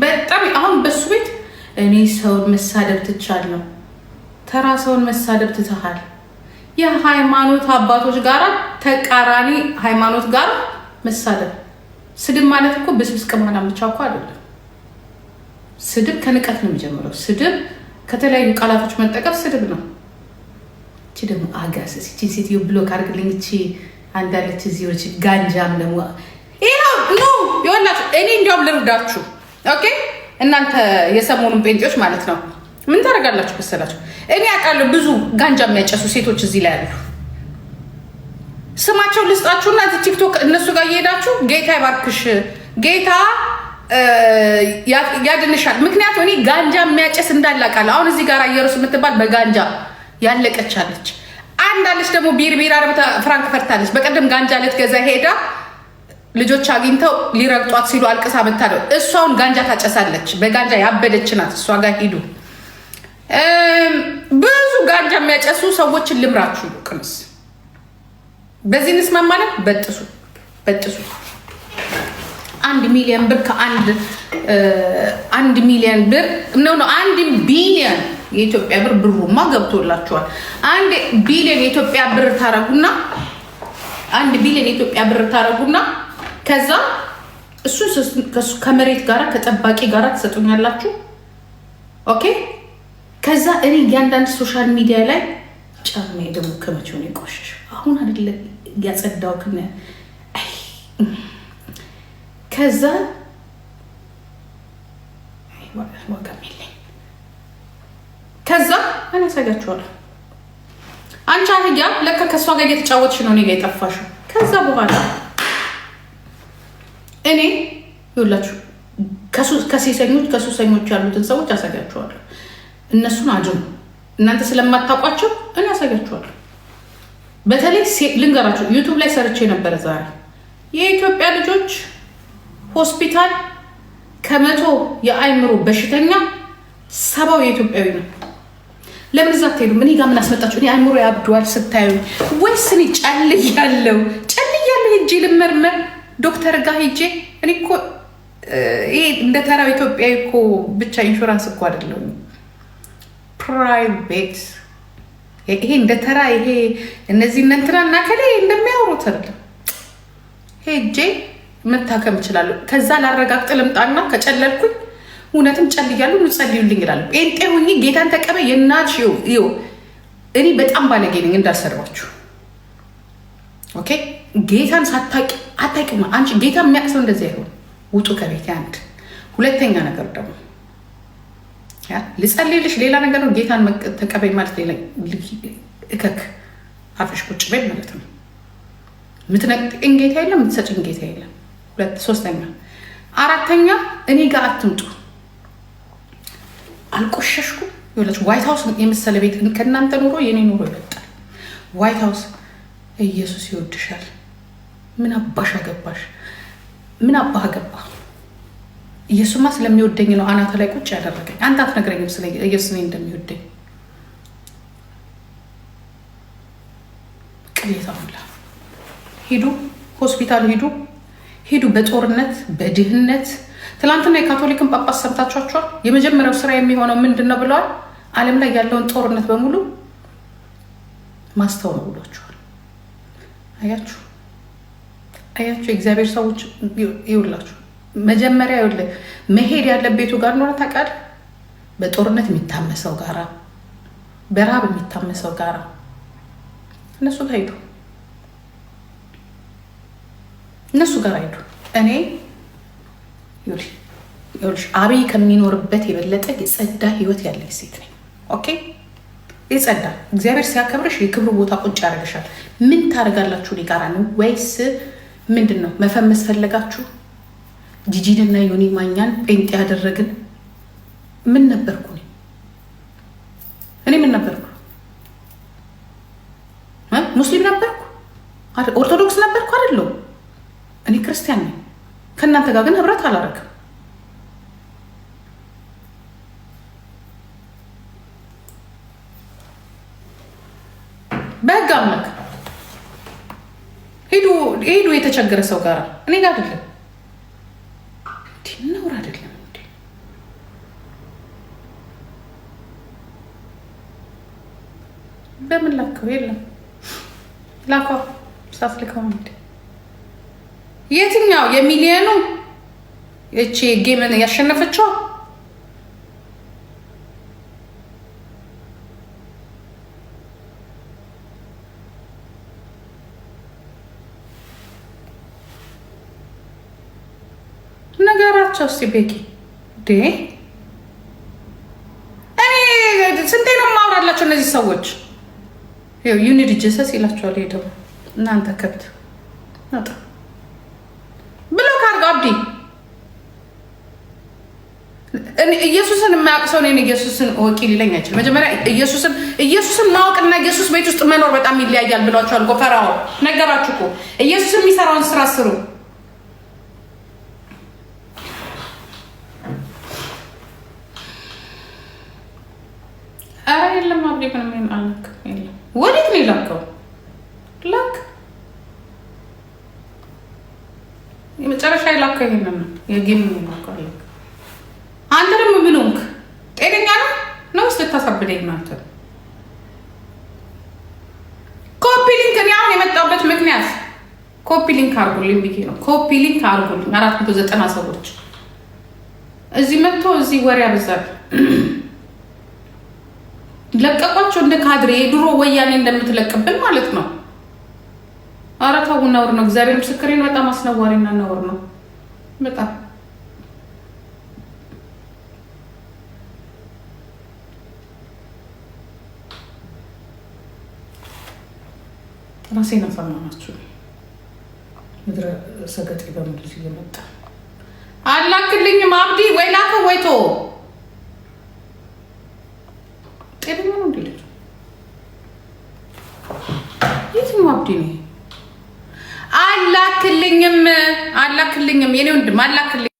በጣም አሁን በሱ ቤት እኔ ሰውን መሳደብ ትቻለሁ። ተራ ሰውን መሳደብ ትተሃል። የሃይማኖት አባቶች ጋር ተቃራኒ ሃይማኖት ጋር መሳደብ። ስድብ ማለት እኮ ብስብስ ቅማላ ብቻ እኮ አይደለም። ስድብ ከንቀት ነው የሚጀምረው። ስድብ ከተለያዩ ቃላቶች መጠቀም ስድብ ነው። እቺ ደግሞ አጋስስ እቺ ሴትዮ ብሎክ አድርግልኝ። እቺ አንዳለች እዚዎች ጋንጃም ደግሞ ይኸው ኖ የሆላችሁ እኔ እንዲያውም ልርዳችሁ ኦኬ እናንተ የሰሞኑን ጴንጤዎች ማለት ነው ምን ታደርጋላችሁ መሰላችሁ? እኔ አውቃለሁ ብዙ ጋንጃ የሚያጨሱ ሴቶች እዚህ ላይ አሉ። ስማቸው ልስጣችሁና እዚህ ቲክቶክ እነሱ ጋር እየሄዳችሁ ጌታ ይባርክሽ፣ ጌታ ያድንሻል። ምክንያቱም እኔ ጋንጃ የሚያጨስ እንዳለ አሁን እዚህ ጋር አየሩስ የምትባል በጋንጃ ያለቀች አለች። አንድ አለች ደግሞ ቢርቢራ ፍራንክፈርት አለች። በቀደም ጋንጃ ልትገዛ ሄዳ ልጆች አግኝተው ሊረግጧት ሲሉ አልቅሳ ምታለው። እሷውን ጋንጃ ታጨሳለች። በጋንጃ ያበደች ናት። እሷ ጋር ሂዱ። ብዙ ጋንጃ የሚያጨሱ ሰዎችን ልምራችሁ። ቅምስ በዚህ እንስማማለን። በጥሱ በጥሱ አንድ ሚሊዮን ብር ከአንድ አንድ ሚሊዮን ብር ነው ነው አንድ ቢሊዮን የኢትዮጵያ ብር ብሩማ ገብቶላችኋል። አንድ ቢሊዮን የኢትዮጵያ ብር ታረጉና አንድ ቢሊዮን የኢትዮጵያ ብር ታረጉና ከዛ እሱ ከመሬት ጋር ከጠባቂ ጋር ትሰጡኛላችሁ። ኦኬ ከዛ እኔ እያንዳንድ ሶሻል ሚዲያ ላይ ጫማ ደግሞ ከመቼው ነው የቆሸሽ? አሁን አይደለ ያጸዳው ክነ ከዛ ዋጋም የለኝ። ከዛ አናሳጋችኋለሁ። አንቺ አህያ ለካ ከእሷ ጋር እየተጫወትሽ ነው እኔ ጋ የጠፋሽው። ከዛ በኋላ እኔ ይኸውላችሁ ከሴሰኞች ከሱሰኞች ያሉትን ሰዎች አሳያችኋለሁ። እነሱን አጅኑ። እናንተ ስለማታውቋቸው እኔ አሳያችኋለሁ። በተለይ ልንገራችሁ፣ ዩቱብ ላይ ሰርቼ ነበረ ዛሬ የኢትዮጵያ ልጆች ሆስፒታል ከመቶ የአይምሮ በሽተኛ ሰባው የኢትዮጵያዊ ነው። ለምን እዛ እኔ ጋር ምን አስመጣችሁ? እኔ አይምሮ ያብዷል ስታዩ ወይስ እኔ ጨልያለሁ? ጨልያለሁ ልመርመር ዶክተር ጋ ሄጄ እኔ እኮ ይሄ እንደ ተራው ኢትዮጵያዊ እኮ ብቻ ኢንሹራንስ እኮ አይደለም ፕራይቬት ይሄ እንደ ተራ ይሄ እነዚህ እነንትና እና ከላይ እንደሚያወሩት አይደለም። ሄጄ መታከም እችላለሁ። ከዛ ላረጋግጥ ልምጣና ከጨለልኩኝ እውነትም ጨልያሉ ንጸልዩልኝ ይላሉ። ጴንጤ ሁኜ ጌታን ተቀበ የናች ይኸው እኔ በጣም ባለጌ ነኝ እንዳልሰራችሁ ኦኬ ጌታን ሳታቂ አታውቂም። አንቺ ጌታ የሚያውቅ ሰው እንደዚህ አይሆን። ውጡ ከቤት አንድ። ሁለተኛ ነገር ደግሞ ልጸልልሽ፣ ሌላ ነገር ነው። ጌታን ተቀበይ ማለት ሌላ እከክ አፍሽ ቁጭ በይ ማለት ነው። የምትነቅጥቅኝ ጌታ የለም፣ የምትሰጭኝ ጌታ የለም። ሁለት ሶስተኛ፣ አራተኛ እኔ ጋር አትምጡ። አልቆሸሽኩ ይላች ዋይት ሀውስ የመሰለ ቤት ከእናንተ ኑሮ የኔ ኑሮ ይበልጣል። ዋይት ሀውስ ኢየሱስ ይወድሻል። ምን አባሽ አገባሽ? ምን አባህ አገባ? ኢየሱስማ ስለሚወደኝ ነው አናተ ላይ ቁጭ ያደረገኝ። አንተ አትነግረኝም ስለ ኢየሱስ እኔ እንደሚወደኝ ቅሌታ ሁላ ሂዱ፣ ሆስፒታል ሂዱ፣ ሂዱ። በጦርነት በድህነት ትናንትና የካቶሊክን ጳጳስ ሰምታችኋቸዋል። የመጀመሪያው ስራ የሚሆነው ምንድን ነው ብለዋል? ዓለም ላይ ያለውን ጦርነት በሙሉ ማስተው ነው ብሏቸዋል። አያችሁ አያቸው የእግዚአብሔር ሰዎች ይውላችሁ። መጀመሪያ ይውል መሄድ ያለበት ቤቱ ጋር ኖረ ታቃድ በጦርነት የሚታመሰው ጋራ በረሃብ የሚታመሰው ጋራ እነሱ ጋር ሄዱ። እነሱ ጋር ሄዱ። እኔ ይኸውልሽ አብይ ከሚኖርበት የበለጠ የጸዳ ህይወት ያለች ሴት ነኝ። ኦኬ የጸዳ እግዚአብሔር ሲያከብርሽ የክብር ቦታ ቁጭ ያደርግሻል። ምን ታደርጋላችሁ? ሊጋራ ነው ወይስ ምንድን ነው መፈመስ ፈለጋችሁ? ጂጂንና ዮኒ ማኛን ጴንጤ ያደረግን ምን ነበርኩ እኔ? እኔ ምን ነበርኩ? ሙስሊም ነበርኩ? ኦርቶዶክስ ነበርኩ? አይደለሁ። እኔ ክርስቲያን ነኝ። ከእናንተ ጋር ግን ህብረት አላረግም። በህግ አምላክ ሄዱ የተቸገረ ሰው ጋር እኔ ጋር አይደለም። ነውር አይደለም። በምን ላከው? የለም ላኳ ሳትልከው እንዴ የትኛው የሚሊየኑ እቺ ጌምን ያሸነፈችው በላቸው እስኪ ቤኪ ዴ እኔ ስንቴ ነው የማወራላቸው እነዚህ ሰዎች ዩኒድ ጀሰስ ይላቸዋል። ሄደው እናንተ ከብት ብሎ ካርጎ አብዲ ኢየሱስን የማያውቅ ሰው እኔን ኢየሱስን ወቂ ሊለኝ አይችልም። መጀመሪያ ኢየሱስን ኢየሱስን ማወቅና ኢየሱስ ቤት ውስጥ መኖር በጣም ይለያያል ብሏቸዋል። ጎፈራው ነገራችሁ እኮ ኢየሱስ የሚሰራውን ስራ ስሩ። ኧረ የለም አብሬክን ምን አልክ? የለም ወዴት ነው የላከው? ላክ የመጨረሻ የላከው ይሄንን ነው የጌም ላከው። አንተ ደግሞ ምን ሆንክ? ጤነኛ ነው ነው ውስጥ ልታሳብደኝ ናንተ ኮፒ ሊንክ እኔ አሁን የመጣሁበት ምክንያት ኮፒ ሊንክ አርጉልኝ ብዬ ነው። ኮፒ ሊንክ አርጉልኝ አራት መቶ ዘጠና ሰዎች እዚህ መጥቶ እዚህ ወሬ ያበዛል። ለቀቋቸው እንደ ካድሬ ድሮ ወያኔ እንደምትለቅብን ማለት ነው። ኧረ ተው ነውር ነው። እግዚአብሔር ምስክሬን በጣም አስነዋሪና ነውር ነው በጣም ራሴን አሳማማችሁ ምድረ ሰገጤ በምድር እየመጣ አላክልኝም አብዲ ወይ ላከ ወይ አላክልኝም የኔ ወንድም አላክልኝ